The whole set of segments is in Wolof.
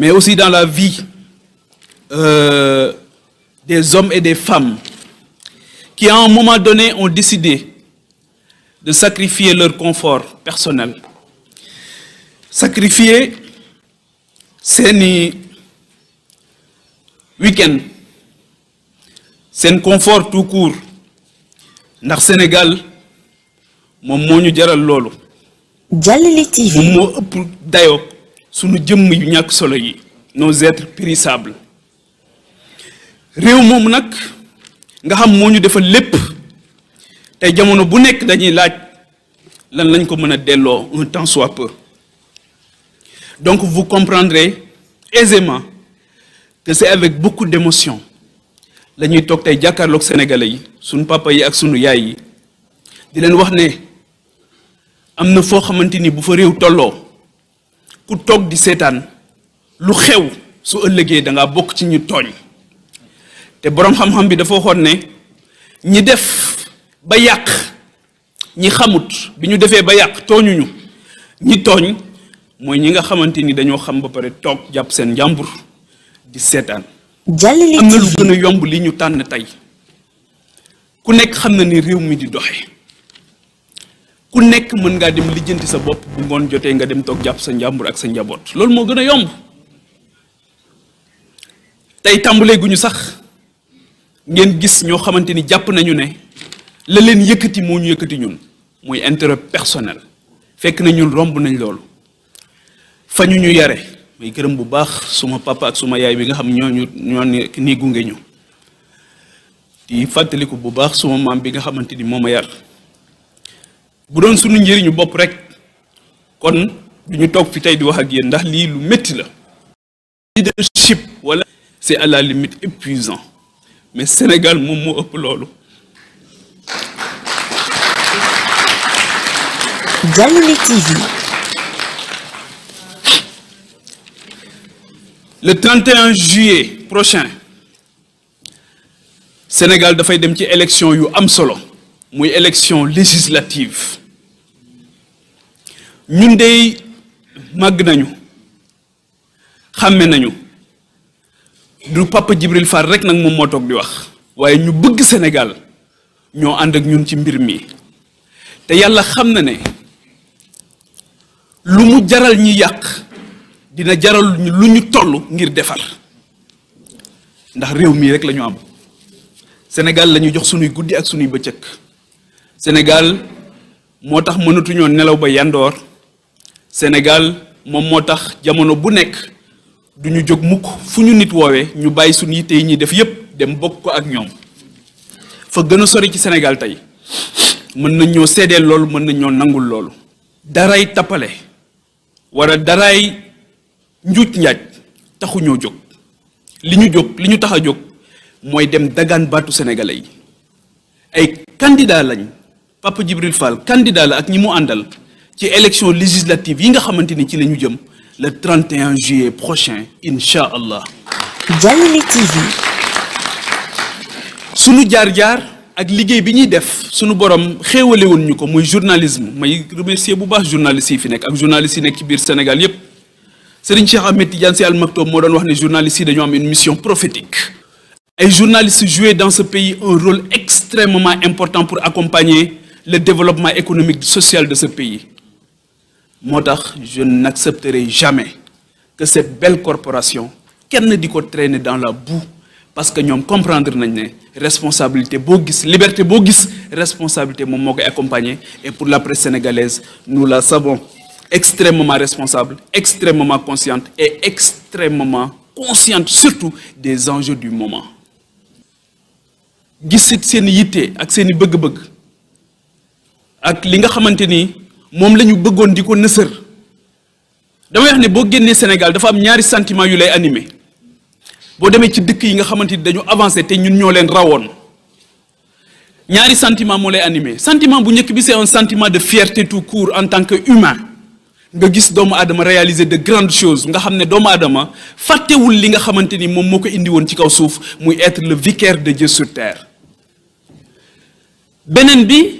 mais aussi dans la vie euh, des hommes et des femmes qui, à un moment donné, ont décidé de sacrifier leur confort personnel. Sacrifier c'est un week-end un confort tout court dans le Sénégal suis moo jaral loolu. Jàllale TV sunu jëm yu ñak solo yi nos êtres périssables réew mom nak nga xam moñu defal lepp tay jamono bu nekk dañuy laaj lan lañ ko mëna délo un temps soit peu donc vous comprendrez aisément que c'est avec beaucoup d'émotion lañuy tok tay tey sénégalais yi sunu papa yi ak sunu yaay yi di leen wax ne amna fo xamanteni bu fa réew tolloo ku toog di seetaan lu xew su ëllëgee da bokk ci ñu tooñ te boroom xam-xam bi dafa waxoon ne ñi def ba yàq ñi xamut bi ñu defee ba yàq tooñuñu ñi tooñ mooy ñi nga xamante ni dañoo xam ba pare toog jàpp seen njàmbur di seetaan am na lu gën a yomb li ñu tànn tey ku nekk xam na ni réew mi di doxe ku nek mën nga dem lijeenti sa bop bu ngon jotee nga dem tok japp sa njambur ak sa njabot lool mo gëna yomb tay tambulé guñu sax ngeen gis ño xamanteni japp nañu né la leen yëkëti moo ñu yëkkati ñun moy intérêt personnel fekk na ñun romb nañ lool fañu ñu yaré yare may gërëm bu baax suma papa ak suma yaay bi nga xam ñu ñoo ni gu gunge di fàttaliku bu baax suma mam bi nga xamanteni moma yar bu doon suñu ñëriñu bop rek kon duñu tok fi tay di wax ak yeen ndax li lu metti la leadership wala c'est à la limite épuisant mais Sénégal moom mo ëpp loolu Dialoné TV le 31 juillet prochain Sénégal dafay dem ci élection yu am solo muy élection législative ñun day mag nañu xamé nañu du papa Jibril far rek nak mom mo tok di wax waye ñu bëgg Sénégal ño and ak ñun ci mbir mi té yalla xam na né lu mu jaral ñi yaq dina jaral lu ñu tollu ngir defar ndax réew mi rek lañu am Sénégal lañu jox sunuy guddii ak sunuy bëccëg Sénégal motax tax ñoo nelaw ba yandor senegal moom moo tax jamono bu nekk du ñu jóg mukk fu ñu nit woowee ñu bàyyi suñu yitte yi ñuy def yépp dem bokk ko ak ñoom fa gën a sori ci senegal tey mën nañ ñoo seedeel loolu mën nañ ñoo nangul loolu daray tappale wara daray njuuj njaaj taxuñoo jóg li ñu jóg li ñu tax a jóg mooy dem dagaan baatu sénégalais yi ay candidat lañ Papa Djibril Fall candidat la ak ñi mu àndal ci élection législative ci le 31 juillet prochain Inch'Allah. allah. TV. suñu jaar-jaar ak liguey biñuy def suñu borom xéewale ko journalisme may remercier bu baax journalistes yi fi nek ak journalistes yi sont ci biir Sénégal yépp Serigne Cheikh Tidiane Al Maktoum wax journalistes yi ont une mission prophétique. Les journalistes jouent dans ce pays un rôle extrêmement important pour accompagner le développement économique et social de ce pays je n'accepterai jamais que cette belle corporation traîne dans la boue parce que nous comprendre nañ la responsabilité la liberté bo responsabilité Mon et pour la presse sénégalaise nous la savons extrêmement responsable extrêmement consciente et extrêmement consciente surtout des enjeux du moment ak ak mom que nous bëggoon di ko wax ne bo génné Sénégal dafa am ñaari sentiment yu lay animé bo démé ci dëkk yi nga xamanteni dañu avancer té ñun ñoo leen rawoon ñaari sentiment lay animé sentiment bu bi c'est un sentiment de fierté tout court en tant que humain nga gis doomu réaliser de grandes choses nga xamné ne doomu faté wul li nga xamanteni mom moko indi won ci kaw suuf muy être le vicaire de Dieu sur terre benen bi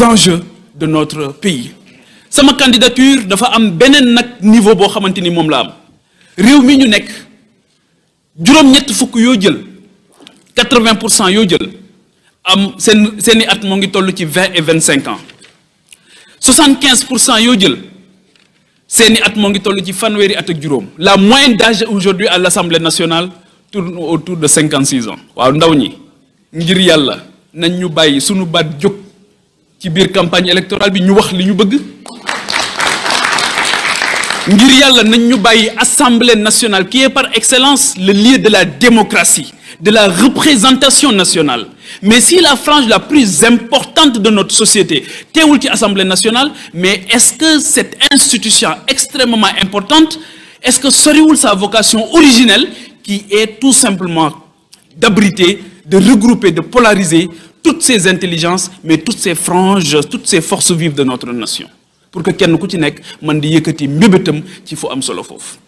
enjeux de notre pays Ma candidature fa am un niveau bo xamanteni mom la am réew mi ñu nek juroom ñett fukk yo jël 80% at et 25 ans 75% yo jël at ngi ci at ak la moyenne d'âge aujourd'hui à l'Assemblée nationale tourne autour de 56 ans waaw ndaw ñi ngir yalla nañ ñu qui campagne électorale bi ñu wax li ñu assemblée nationale qui est par excellence le lieu de la démocratie de la représentation nationale mais si la frange la plus importante de notre société est l'Assemblée nationale mais est-ce que cette institution extrêmement importante est-ce que soriwul sa vocation originelle qui est tout simplement d'abriter de regrouper de polariser toutes ces intelligences mais toutes ces franges toutes ces forces vives de notre nation pour que kenn ku ci nekk mën di yëkkati mbébétam ci fu am solo foofu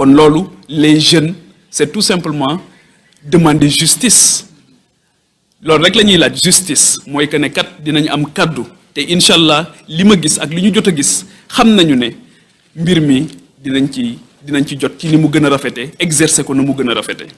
kon loolu les jeunes c'est tout simplement demander justice loolu rek la justice Moi, je ne kat dinañ am kàddu te incha allah li ma gis ak li ñu jot a gis xam nañu ne mbir mi dinañ ci dinañ ci jot ci li mu gën exercer ko na mu gën a rafete